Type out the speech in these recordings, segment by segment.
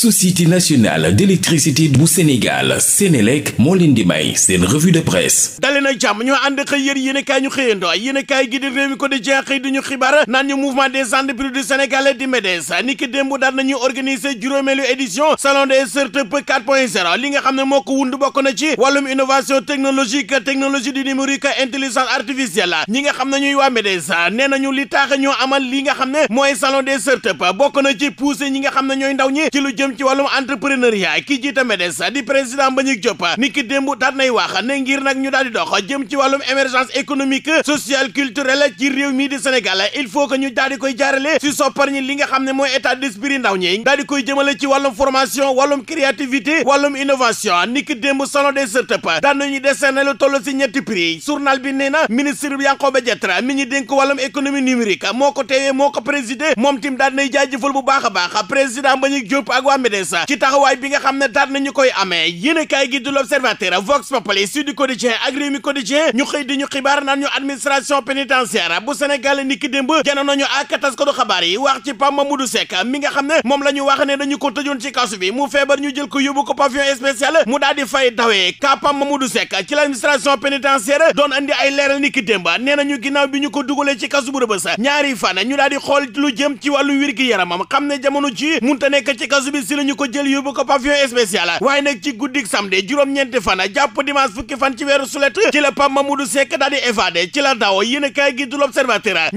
société nationale d'électricité bu Sénégal Sénélec moo leen di may seen revue de presse dali jàmm ñoo ànd xëy yër yéen ñu xëyandoo yéen a kaay réew mi ko di jeex xëy ñu xibaar naan ñu mouvement des entreprises du Sénégal di MEDES ni ki démb daal nañu organiser juróomeelu édition salon des startup 4.0 li nga xam ne moo ko wund bokk na ci wàllum innovation technologique technologie du numérique intelligence artificielle nga xam ne ñuy waa MEDES li tax ñoo amal li nga xam ne mooy salon des ñi nga xam ne ñooy ndaw ñi jëm ci wàllum entrepreneuriat kii jiite MEDES di président Mbagnick Diop ni ki démb daat nay wax ne ngir nag ñu daal di dox jëm ci wàllum émergence économique sociale culturelle ci réew mii di Sénégal il faut que ñu daal di koy jaarale si soppar ñi li nga xam ne mooy état d'esprit ndaw ñi daal di koy jëmale ci wàllum formation wàllum créativité wàllum innovation ni ki démb salon des startup daan nañu décerner lu toll si ñetti prix journal bi nee na ministre bu baax a Médès ci taxawaay bi nga xam ne daal nañu koy amee yéenekaay gi du L'Observateur Vox Populi Sud Quotidien ak Rewmi Quotidien ñu xëy di ñu xibaar naan ñu administration pénitentiaire bu Sénégal niki démb janoon nañu ak taskatu xabaar yi wax ci Pape Mamadou Seck mi nga xam ne moom la ñu wax ne dañu ko tëjoon ci kasu mu feebar ñu jël ko yóbbu ko pavillon spécial mu daal fay dawee ka Pape Mamadou Seck ci l'administration ci kasu bu Rebeuss si la ñu ko jël yóbbu ko pavillon spécial waaye nag ci guddik samedi juróom-ñeenti fan jàpp a kaay gi du l'observateur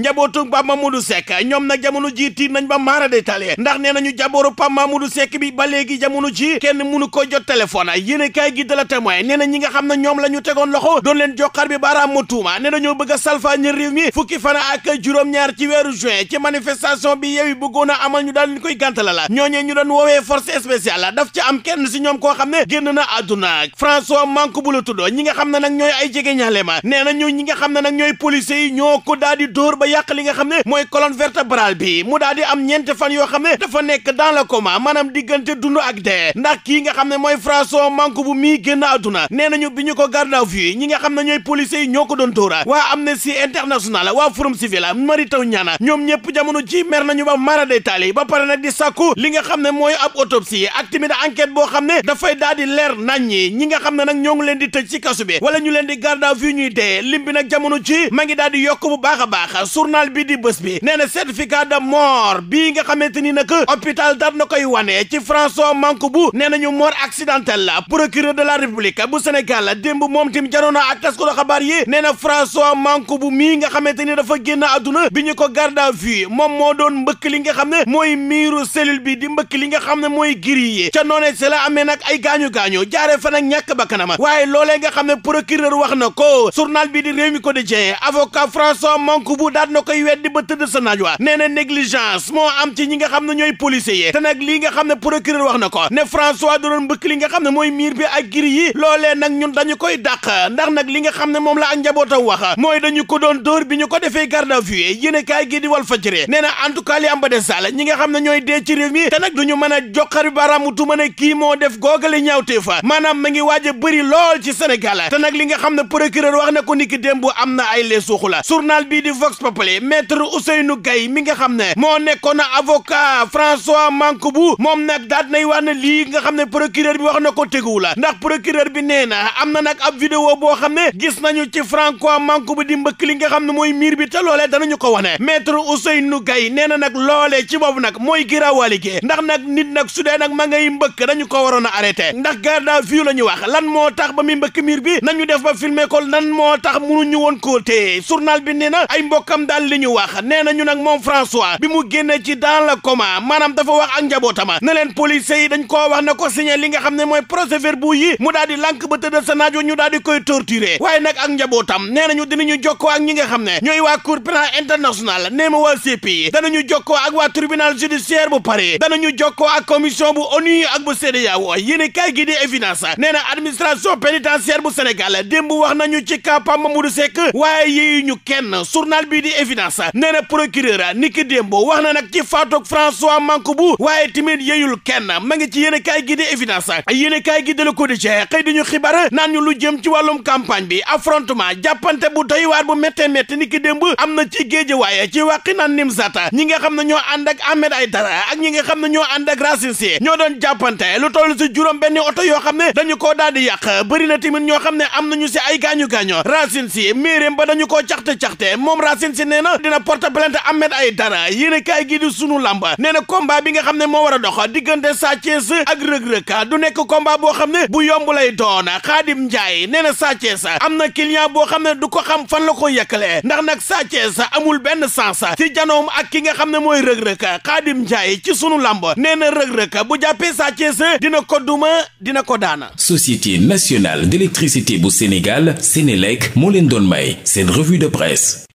nañ ba maara détaillé ndax nee ñu jabooru Pape Mamadou Seck bi ba léegi jamono ji kenn mënu ko jot téléphone yéen a kaay gi de la témoin nee na ñi nga xam ne ñoom la ñu tegoon loxo doon leen joxar bi baaraam mu tuuma nee nañoo bëgg a salfaañi réew mi fukki fan ak juróom-ñaar ci weeru juin ci manifestation bi yeewi bëggoon a ñu daal ñu koy gàntal la ñooñee ñu doon woowee force spéciale la daf ci am kenn si ñoom koo xam ne génn na àdduna François Mancabou la tuddoo ñi nga xam ne na ñooy ay jege ñaale ma nee na ñu ñi nga xam ne na ñooy policiers yi ñoo ko daal di dóor ba yàq li nga xam ne mooy colonne vertébrale bi mu daal di am ñeenti fan yoo xam ne dafa nekk dans le coma maanaam diggante dund ak dee ndax kii nga xam ne mooy François Mancabou mii génn àdduna nee nañu bi ñu ko garde à vue ñi nga xam na ñooy policiers yi ñoo ko doon dóora waa Amnesty International waa Forum Civil Mary Teuw Niane ñoom ñëpp jamono nañu ba mara day taali ba pare nag di li nga xam ne mooy ab autopsie ak tamit enquête boo xam ne dafay daal di leer nañ ñi ñi nga xam ne nag ñoo ngi leen di tëj ci kasu bi wala ñu leen di garde à vue ñuy dee lim bi nag jamono ci ma ngi daal di yokk bu baax a baax journal bi di bés bi nee na certificat de mort bii nga xamante ni nag opital dar na koy wane ci François Mancabou nee nañu mort accidentelle la procureur de la République bu Sénégal démb moom tim janoona ak taskatu xabaar yi nee na François Mancabou mii nga xamante ni dafa génn àdduna bi ñu ko garde à moom moo doon mbëkk li nga xam ne mooy miiru cellule bi di mbëkk li nga xam ne mooy giri yi ca noonee si la amee nag ay gaañu-gaañu jaaree fa nag ñàkk bakkanam waaye loolee nga xam ne procureur wax na ko journal bi di Rewmi Quotidien avocat François Mancabou daat na koy weddi ba tëdd sa naaj wa nee na négligence moo am ci ñi xam ne ñooy policiers yi te nag lii nga xam ne procureur wax na ko ne François da doon mbëkk li nga xam ne mooy miir bi ak giri yi loolee nag ñun dañu koy ndax nag li nga xam ne moom la ak njabootam wax mooy dañu ko doon dóor na en tout ne ñooy dee ci réew mi te a nag joxari baaraamu tuuma ne kii moo def googale ñaawteef maanaam ma ngi waaj a bëri lool ci Sénégal te nag li nga xam ne procureur wax na ko niki démb am na ay leesuuxu la journal bii di Vox Populi maître Ousseynou Gaye mi nga xam ne moo nekkoon avocat François Mancabou moom nag daat nay wax na lii nga xam ne procureur bi wax na ko teguwu la ndax procureur bi nee na am na nag a vidéo boo xam ne gis nañu ci François Mancabou di mbëkk li nga xam ne mooy miir bi te loolee danañu ko wane maître Ousseynou Gaye nee na nag loolee ci boobu nag mooy giraawaali nag su dee nag ma ngay mbëkk dañu ko waroon a arrêté ndax garde à la ñu wax lan moo tax ba muy mbëkk miir bi nañu def ba filmer ko lan moo tax munuñu woon koo téye journal bi nee ay mbokkam daal li ñu wax nee nañu nag moom François bi mu génne ci dans le coma maanaam dafa wax ak njabootama na leen policiers yi dañ koo wax na ko signé li nga xam ne mooy procès verbaux yi mu daal di lànk ba sa naajo ñu daal di koy torturer waaye nag ak njabootam nee nañu dinañu jokkoo ak ñi nga xam ne ñooy waa cour pénale internationale nee ma waa CPI danañu jokkoo ak waa tribunal judiciaire bu Paris danañu jokko ak commission bu ONU ak bu CEDEAO yéene kaay gi di évidence nee na administration pénitentiaire bu Sénégal démb wax nañu ci kàppa Mamadou Seck waaye yeeyu ñu kenn journal bii di évidence nee na procureur niki démb wax na nag ci faatoog François Mancabou waaye tamit yeeyul kenn ma ngi ci yéene kaay gi di évidence yéene kaay gi de Le Quotidien xëy diñu xibaar naan ñu lu jëm ci wàllum campagne bi affrontement jàppante bu doy waar bu méttee métti niki démb am na ci waaye ci wàqi naan Nimzat ñi nga xam ne ñoo ànd ak Ahmed Aïdara ak ñi nga xam ne ñoo ànd ak Racine Sy ñoo doon jàppante lu toll si juróom benn oto yoo xam ne dañu koo daal di yàq bëri na tamit ñoo xam ne am na nañu si ay gaañu-gaaño Racine Sy méeréem ba dañu koo caxte-caxte moom Racine Sy nee dina porte plainte Ahmed Aïdara yéen a kaay gi sunu làmb nee na combat bi nga xam ne moo war a dox diggante Sa Thiès ak Rëg-Rëg du boo xam ne bu yomb lay doon Xaadim Njaay nee na Sa am na client boo xam ne du ko xam fan la ko yàkkalee ndax nag Sa Thiès amul benn sens ci janoom ak ki nga xam ne mooy Rëg-Rëg Xaadim Njaay ci sunu làmb nee rëg-rëg bu jàppee Sa Thiès dina ko duma dina ko daana société nationale d'électricité bu Sénégal Sénélec moo leen doon may seen revue de presse